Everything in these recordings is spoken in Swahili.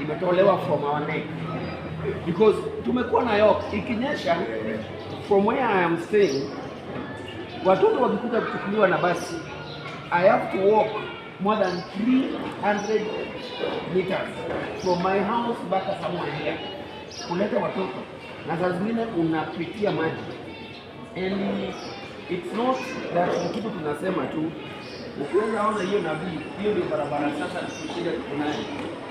imetolewa from our neck because tumekuwa na yoke ikinyesha from where I am staying, watoto wakikuta kuchukuliwa na basi, I have to walk more than 300 meters from my house mpaka somewhere here kuleta watoto, na saa zingine unapitia maji and it's not that kitu tunasema tu. Ukiweza ona hiyo nabii, hiyo ndio barabara sasa, tushida tukunayo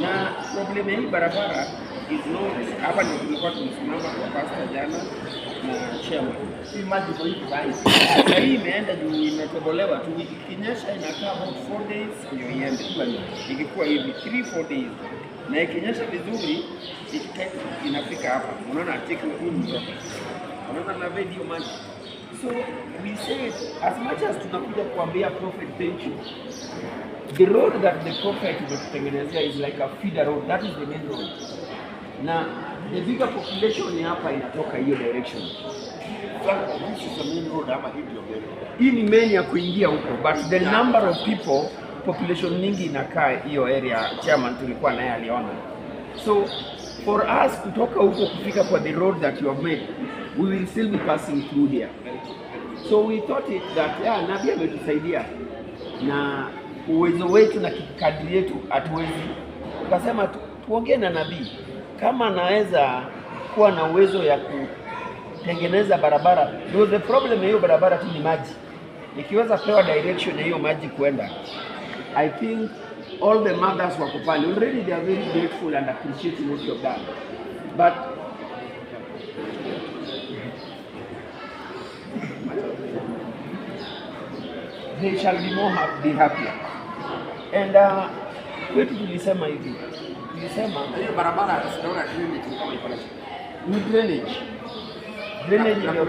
na problem ya hii barabara is known. Hapa ndio tulikuwa tumesimama kwa pasta jana na chema, si maji kwa hii bali sasa hii imeenda juu, imetobolewa tu, ikinyesha inakaa about four days ndio iende, ikikuwa hivi three four days na ikinyesha vizuri inafika hapa, unaona atiki huku, unaona na video maji So we said as much as tunakuja kuambia prophet Benchu, the road that the prophet imetutengenezea is like a feeder road, that is the main road, na the bigger population hapa inatoka hiyo direction. This Hii ni main ya kuingia huko, but the number of people, population nyingi inakaa hiyo area. Chairman tulikuwa naye aliona So for us kutoka huko kufika kwa the road that you have made, we will still be passing through here. So we thought it that yeah, Nabii ametusaidia na uwezo wetu na kadri yetu hatuwezi, tukasema tu, tuongee na Nabii kama anaweza kuwa na uwezo ya kutengeneza barabara. Ndio the problem hiyo barabara tu ni maji, nikiweza pewa direction ya hiyo maji kwenda, I think all the mothers wako pale. Already they are very grateful and appreciate what you have done. But they shall be more happy, happier. And uh, kwetu tulisema hivi, tulisema hiyo barabara tunaona drainage ni drainage. Drainage ndio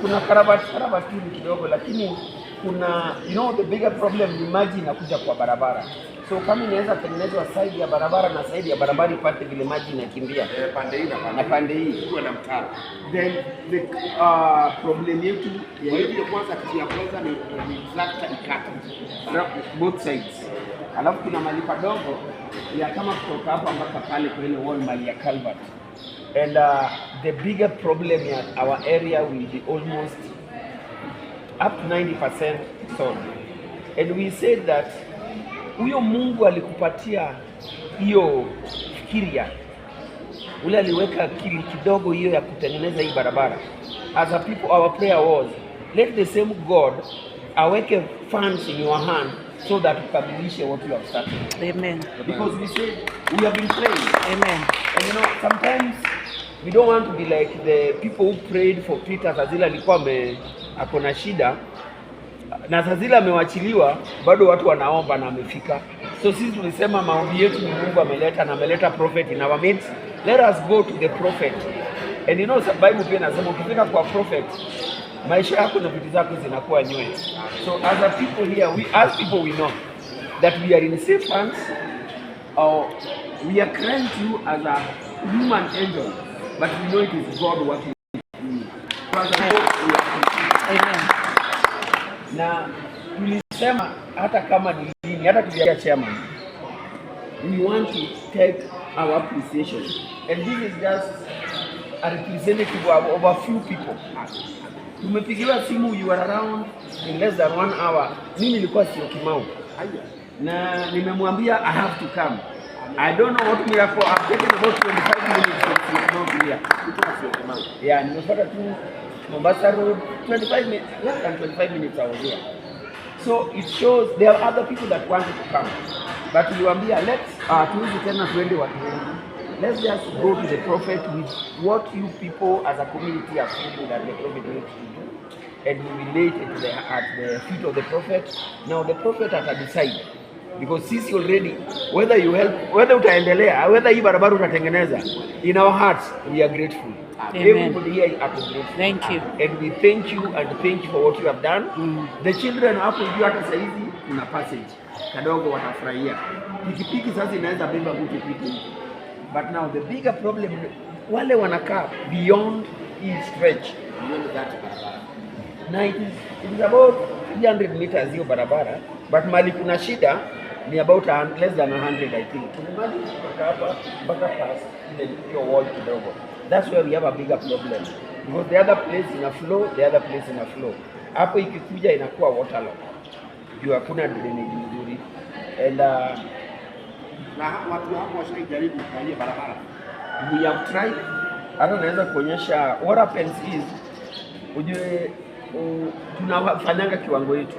kuna karabati karabati kidogo lakini kuna you know the bigger problem ni maji inakuja kwa barabara. So kama inaweza tengenezwa side ya barabara na side ya barabara ipate vile maji inakimbia eh, pande hii na pande hii kuwe na mtaro, then the uh, problem yetu ya kwanza, kitu ya kwanza ni tractor ikata both sides, alafu kuna mali padogo ya kama kutoka hapa mpaka pale kwa ile wall mali ya Calvert and uh, the bigger problem ya our area will be almost up to 90% sold. And we said that huyo Mungu alikupatia hiyo fikiria, ule aliweka akili kidogo hiyo ya kutengeneza hii barabara. As a people our prayer was let the same God aweke funds in your hand so that ukamilishe what you have started. Amen. Because we said we have been praying. Amen. And you know sometimes we don't want to be like the people who prayed for Peter Azila alikuwa ame ako na shida na saa zile amewachiliwa, bado watu wanaomba na amefika. So sisi tulisema maombi yetu ni Mungu ameleta na ameleta prophet in our midst, let us go to the prophet and you know, Bible pia nasema ukifika kwa prophet maisha yako na vitu zako zinakuwa nywele. So as a people here we as people we know that we are in safe hands or we are claimed you as a human angel but we know it is God working na tulisema hata kama ni dini, hata tuliambia chairman we want to take our appreciation and this is just a representative of of a few people. Tumepigiwa simu you are around in less than one hour. Mimi nilikuwa sio Kimau na nimemwambia I have to come. I don't know what we are for. I've taken about 25 minutes to come here. Yeah, nimefuata tu Mombasa Road, 25 minutes, less than 25 minutes I was here. So it shows there are other people that wanted to come. But here, let's hatuwezi uh, tena tuende watu wengi. Let's just go to the prophet with what you people as a community are feeling that the prophet needs to do and we relate it to the, at the feet of the prophet. Now the prophet decide. because you already whether you help whether utaendelea whether you barabara utatengeneza in our hearts we are grateful Amen. Everybody here is appreciated. Thank you. And we thank you and thank you for what you have done. Mm. The children hapo juu hata sasa hivi kuna passage kadogo watafurahia. Pikipiki sasa inaweza beba mtu piki. But now the bigger problem wale wanakaa beyond his stretch beyond that barabara. Now it is, it is about 300 meters hiyo barabara but mali kuna shida ni about less than 100 I think. Kuna mali mpaka hapa mpaka past ile hiyo wall kidogo. That's where we have a bigger problem because the other place ina flow, the other place ina flow. Hapo ikikuja inakuwa waterlogged juu hakuna drainage nzuri and uh, na watu hapo washaijaribu kufanyia barabara. We have tried, hata naweza kuonyesha what happens is, ujue tunafanyanga kiwango yetu.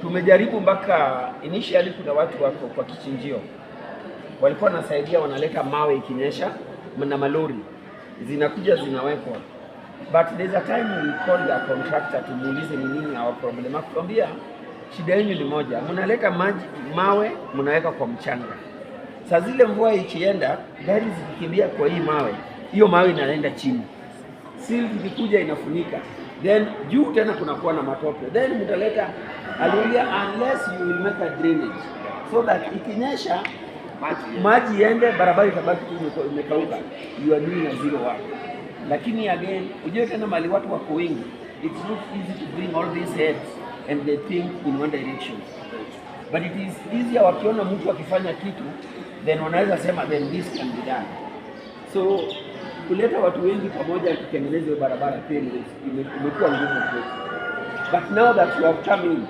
Tumejaribu mpaka initially, kuna watu wako kwa kichinjio walikuwa wanasaidia, wanaleta mawe ikinyesha na malori zinakuja zinawekwa, but there's a time we call the contractor tumuulize ni nini our problem. Akutwambia shida yenu ni moja, mnaleta maji mawe mnaweka kwa mchanga. Saa zile mvua ikienda, gari zikikimbia kwa hii mawe, hiyo mawe inaenda chini, silt ikikuja inafunika, then juu tena kunakuwa na matope, then mtaleta, aliambia unless you will make a drainage so that ikinyesha maji iende, barabara itabaki tu imekauka, you are doing a zero work. Lakini again, ujue tena mali watu wako wengi, it's not easy to bring all these heads and they think in one direction, but it is easier wakiona mtu akifanya kitu then wanaweza sema then this can be done. So kuleta watu wengi pamoja tutengeneze barabara kweli imekuwa ngumu kwetu, but now that you have come in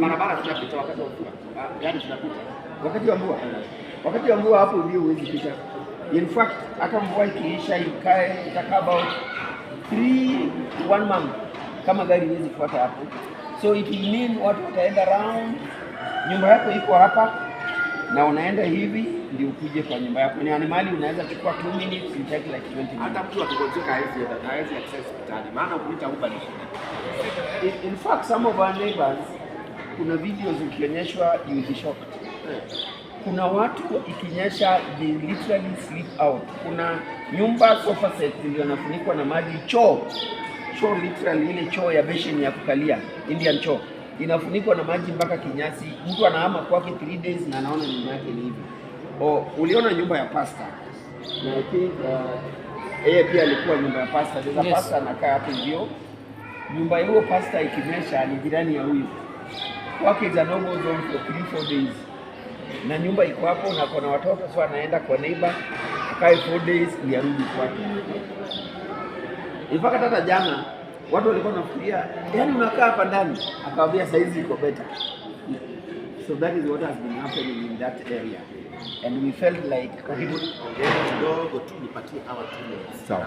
barabara tunapita wakati wa mvua, ah, yaani tunapita wakati wa mvua. Wakati wa mvua hapo ndio huwezi pita. In fact hata mvua ikiisha ikae itakaa about 3 one month, kama gari huwezi kufuata hapo, so it will mean watu wataenda round. Nyumba yako iko hapa na unaenda hivi ndio ukuje kwa nyumba yako. Ni animali unaweza chukua 2 minutes, in take like 20 minutes. Hata mtu akigonjeka hizi hata hizi access hospitali, maana ukuita Uber ni shida. In fact some of our neighbors, kuna videos ukionyeshwa you will be shocked kuna watu ikinyesha they literally sleep out. Kuna nyumba sofa set ndio nafunikwa na maji. Choo choo literally, ile choo ya beshen ya kukalia Indian choo inafunikwa na maji mpaka kinyasi. Mtu anahama kwake 3 days na anaona nyumba yake ni hivi. Oh, uliona nyumba ya pasta na I think uh, yeye uh, pia alikuwa nyumba ya pasta sasa. Yes. Pasta anakaa hapo hivyo, nyumba hiyo pasta ikinyesha ni jirani ya huyu kwake, is a normal zone for 3 4 days na nyumba iko hapo na kuna watoto sio, anaenda kwa neighbor akae four days ndio arudi kwake. Mpaka tata jana watu walikuwa wanafikiria, yani unakaa hapa ndani, akawaambia saizi iko better. So that is what has been happening in that area and we felt like karibu kidogo tu nipatie hawa tu sawa.